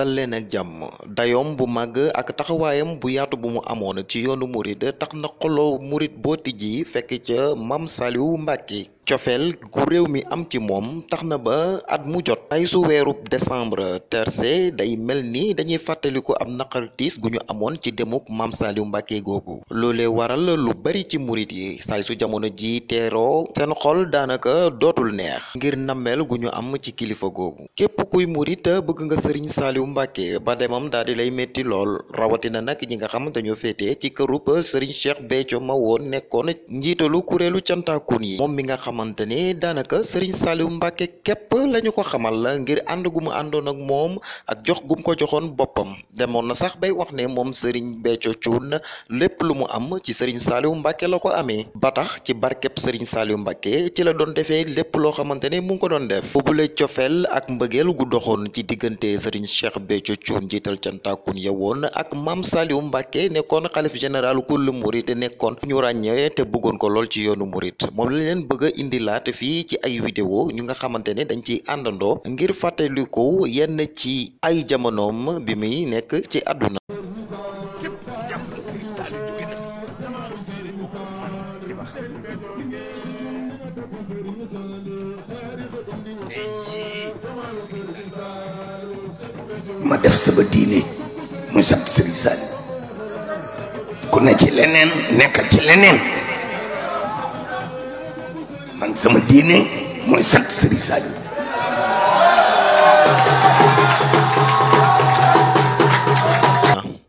dal leen ak jàmm dayoom bu màgg ak taxawaayam bu yaatu bu mu amoon ci yoonu murid tax na xoloo murid boo tijji fekk ca Maam Saliou Mbacké cofeel gu réew mi am ci moom tax na ba at mu jot ay su weerub décembre terce day mel ni dañuy fàttaliku ab naqar tiis gu ñu amoon ci demuk Maam Saliou Mbàkke googu loole waral lu bari ci murit yi saay su jamono ji teeroo seen xol daanaka dootul neex ngir nammeel gu ñu am ci kilifa googu képp kuy murit bëgg nga sëriñ Saliou Mbàkke ba demam daal di lay métti lool rawatina nag ñi nga xam dañoo féete ci kërub sëriñ Cheikh Béthio ma woon nekkoon njiitalu xamante ni daanaka Serigne Saliou Mbacke képp la ñu ko xamal la ngir ànd gu mu àndoon ak moom ak jox gum ko joxoon boppam demoon na sax bay wax ne moom Serigne Béthio Thioune lépp lu mu am ci Serigne Saliou Mbacke la ko amee ba tax ci barkeb Serigne Saliou Mbacke ci la doon defee lépp loo xamante ne mu ngi ko doon def boobule cofeel ak mbëgeel gu doxoon ci diggante Serigne Cheikh Béthio Thioune jiital cantaakun yewoon ak maam Saliou Mbacke nekkoon xalif général kul murit nekkoon ñu ràññee te bëggoon ko lool ci yoonu murit indilaat fii ci ay ñu nga xamante ne dañ ciy àndandoo ngir fàttaliku yenn ci ay jamonoom bi muy nekk ci àdduna ma def sama diine muy sant Serigne Saliou ku ci leneen nekkal ci leneen man sama diine mooy sant Serigne Saliou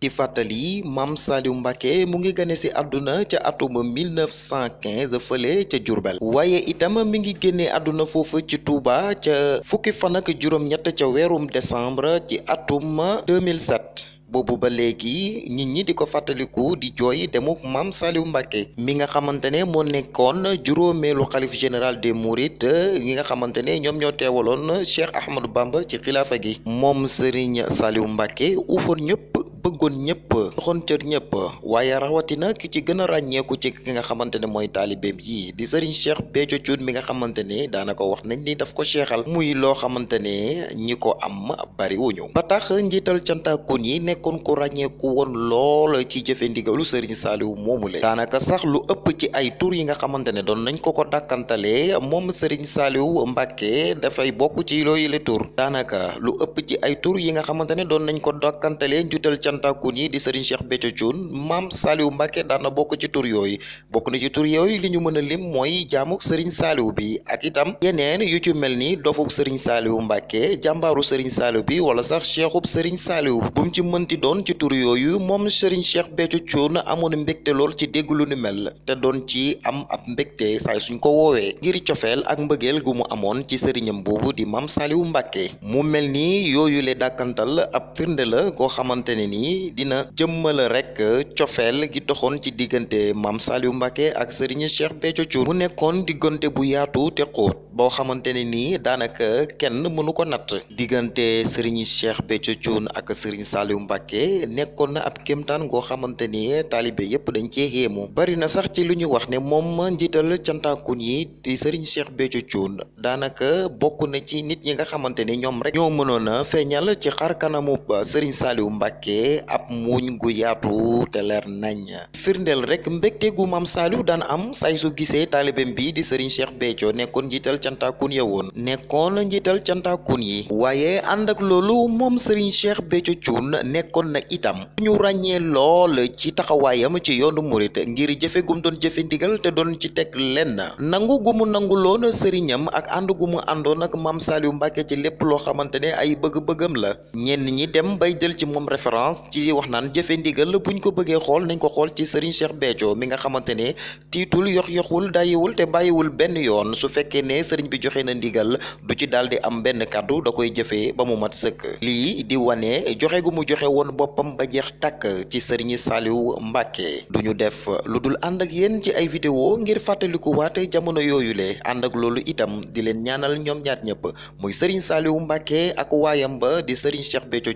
ci fàttali maam Saliou Mbacké mu ngi gane si àdduna ca atum 1915 fële ca Diourbel waaye itam mi ngi génnee àdduna foofu ci Touba ca fukki juróom-ñett ca weerum decembre ci atum 2007 boobu ba léegi nit ñi di ko fàttaliku di joy demuk maam Saliou Mbacké mi nga xamante ne moo nekkoon juróomeelu xalif général des Mourides ñi nga xamante ne ñoom ñoo teewaloon Cheikh Ahmadou Bamba ci xilaafa gi moom Serigne Saliou Mbacké uufoon ñëpp bëggoon ñëpp joxoon cër ñëpp waaye rawatina ki ci gën a ràññeeku ci ki nga xamante ne mooy taalibeem yi di Serigne Cheikh Béthio Thioune mi nga xamante ne daanaka wax nañ di daf ko seexal muy loo xamante ne ñi ko am bari wuñu ba tax njiital cantaakun yi nekkoon ko ràññeeku woon lool ci jëfe lu Serigne Saliou moomu le daanaka sax lu ëpp ci ay tur yi nga xamante ne doon nañ ko ko dàkkantalee moom sëriñ Saliou Mbacke dafay bokk ci looyu le tur daanaka lu ëpp ci ay yi nga xamante cantakun yi di Serigne Cheikh Béthio Thioune maam Saliou Mbacké daan na bokk ci tur bokk na ci tur yooyu li ñu mën a lim mooy jaamuk Serigne Saliou bi ak itam yeneen yu ci mel ni dofuk sëriñ Saliou Mbacké jàmbaaru Serigne Saliou bi wala sax cheikhub Serigne Saliou bu mu ci mënti doon ci tur yooyu moom Serigne Cheikh Béthio Thioune amoon mbégte lool ci dégg lu ni mel te doon ci am ab mbégte saay suñ ko woowee ngir cofeel ak mbëggeel gu mu amoon ci sëriñam boobu di maam Saliou Mbacké mu mel ni yooyu le dàkkantal la koo xamante ni dina jëmmal rek cofeel gi doxoon ci diggante maam Saliou Mbacké ak Serigne Cheikh Béthio Thioune mu nekkoon diggante bu yaatu te xóot boo xamante ne nii daanaka kenn mënu ko natt diggante Serigne Cheikh Béthio Thioune ak Serigne saaliyu Mbacké nekkoon na ab kéemtaan goo xamante ni taalibe yépp dañ cee yéemu bari na sax ci lu ñu wax ne moom njiital cantaakun yi di Serigne Cheikh Béthio Thioune daanaka bokk na ci nit ñi nga xamante ne ñoom rek ñoo mënoon a feeñal ci xar kanamu Serigne Saliou waaye ab muuñ gu yaatu te leer nañ firndeel rek mbégte gu maam Saliou daan am say su gisee taalibeem bi di Serigne Cheikh Béthio nekkoon njiital cantaakun ya woon nekkoon njiital cantaakun yi waaye ànd ak loolu moom Serigne Cheikh Béthio Thioune nekkoon na itam ñu ràññee lool ci taxawaayam ci yoonu murit ngir jëfe gum doon jëfe ndigal te doon ci teg lenn nangu gu mu nanguloon sëriñam ak ànd gu mu àndoon ak maam Saliou Mbacke ci lépp loo xamante ne ay bëgg-bëggam la ñenn ñi dem bay jël ci moom France ci wax naan jëfe ndigal buñ ko bëggee xool nañ ko xool ci Serigne Cheikh Béthio mi nga xamante ne tiitul yox-yoxul dayiwul te bàyyiwul benn yoon su fekkee ne sëriñ bi joxe na ndigal du ci daal di am benn kàddu da koy jëfee ba mu mat sëkk lii di wane joxe gu mu joxe woon boppam ba jeex takk ci Serigne Saliou Mbacké du ñu def lu dul ànd ak yéen ci ay vidéo ngir fàttalikuwaate jamono yooyu le ànd ak loolu itam di leen ñaanal ñoom ñaar ñëpp muy Serigne Saliou Mbacké ak waayam ba di Serigne Cheikh Béthio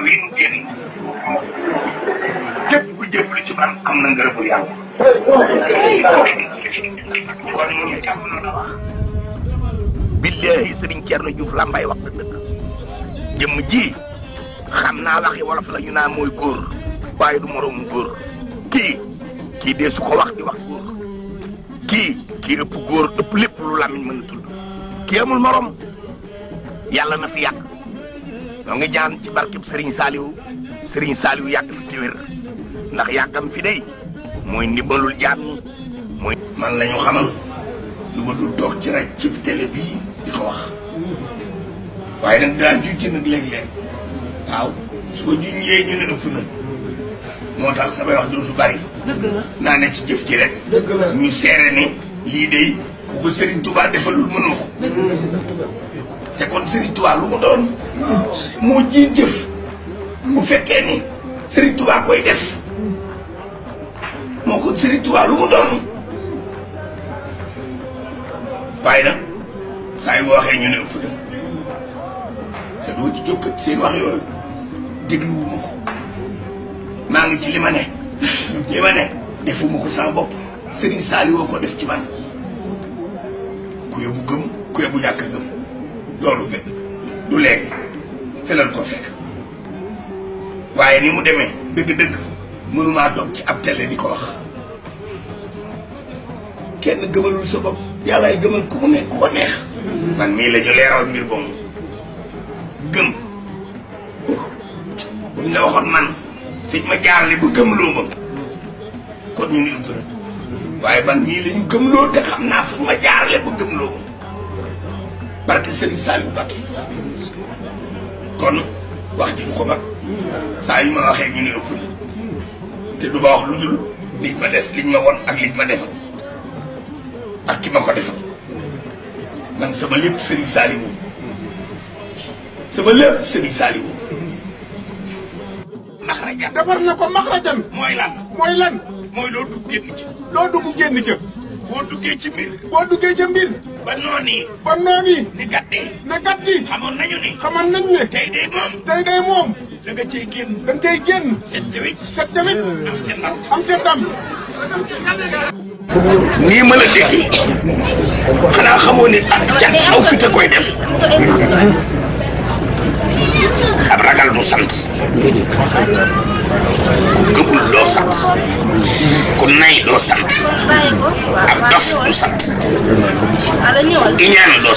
koor wi nu am na ngërëmu yàlla. la wax. billahi Serigne Thierno ji xam naa waxi wolof lañu naa naan mooy góor waaye du moroomu góor kii kii dee su ko wax di wax góor kii kii ëpp góor ëpp lépp lu làmmiñ mën kii amul morom yàlla na fi yàq. ñoo ngi ñaan ci barkeb sëriñ Saliou Serigne Saliou yàgg fi ci ndax yàggam fi day mooy ndimbalul jaam mooy. man lañu xamal lu ma dul toog ci rajo ci télé bii di ko wax waaye nag daa juj nag léeg-léeg waaw su ko junjee ñu ne ëpp na moo tax samay wax dootu bari. dëgg naa ne ci jëf ji rek. ñu seere ni lii day ku ko Serigne Touba defalul mënoo ko. te kon Serigne Touba lu mu doon. moo ji jëf bu fekkee ni Serigne Touba def moo ko Serigne Touba mu doon waaye nag saa yu waxee ñu ne ëpp na te doo jóg seen wax yooyu dégluwuma ko maa ngi ci li ma ne li ma ne defuma ko sama bopp ko def ci man ku yóbbu gëm ku yóbbu ñàkk gëm loolu du léegi fi lan ko fekk waaye ni mu demee dëgg-dëgg mënumaa toog ci ab télé di ko wax kenn gëmalul sa bopp yàllaay gëmal ku mu ne ku ko neex man mii la ñu leeral mbir boobu gëm oh, buñ la waxoon man fiñ ma jaarale bu gëm loo ma kon ñu ni ëpp na waaye man mii lañu ñu gëmloo te xam naa fuñ ma jaarale bu gëm loo ma barke Serigne Saliou Mbacké kon wax ji du ko mag saa yu ma waxee ñu ne ëpp na te du ma wax lu dul liñ ma def liñ ma won ak liñ ma defal ak ki ma ko defal man sama lépp Serigne Saliou sama lépp Serigne Saliou maxrajan defar na ko maxrajan mooy lan mooy lan mooy loo dugg génn ci loo dugg génn ci boo ci mbir. boo duggee ci mbir. ba noonu. ni gàtt yi. ne xamoon nañu ni. xamoon nañu ne. tey day moom. tey day moom. da nga cay génn. da nga cay génn. set tamit. la déggee xanaa cant aw koy def. ragal du sant ku gëbul doo sant ku nay doo sant ab dof ku iñaan doo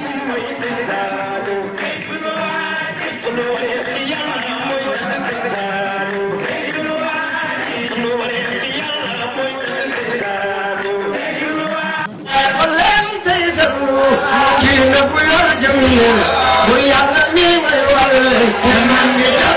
bu yor jëm yi bu yàlla mi may wàll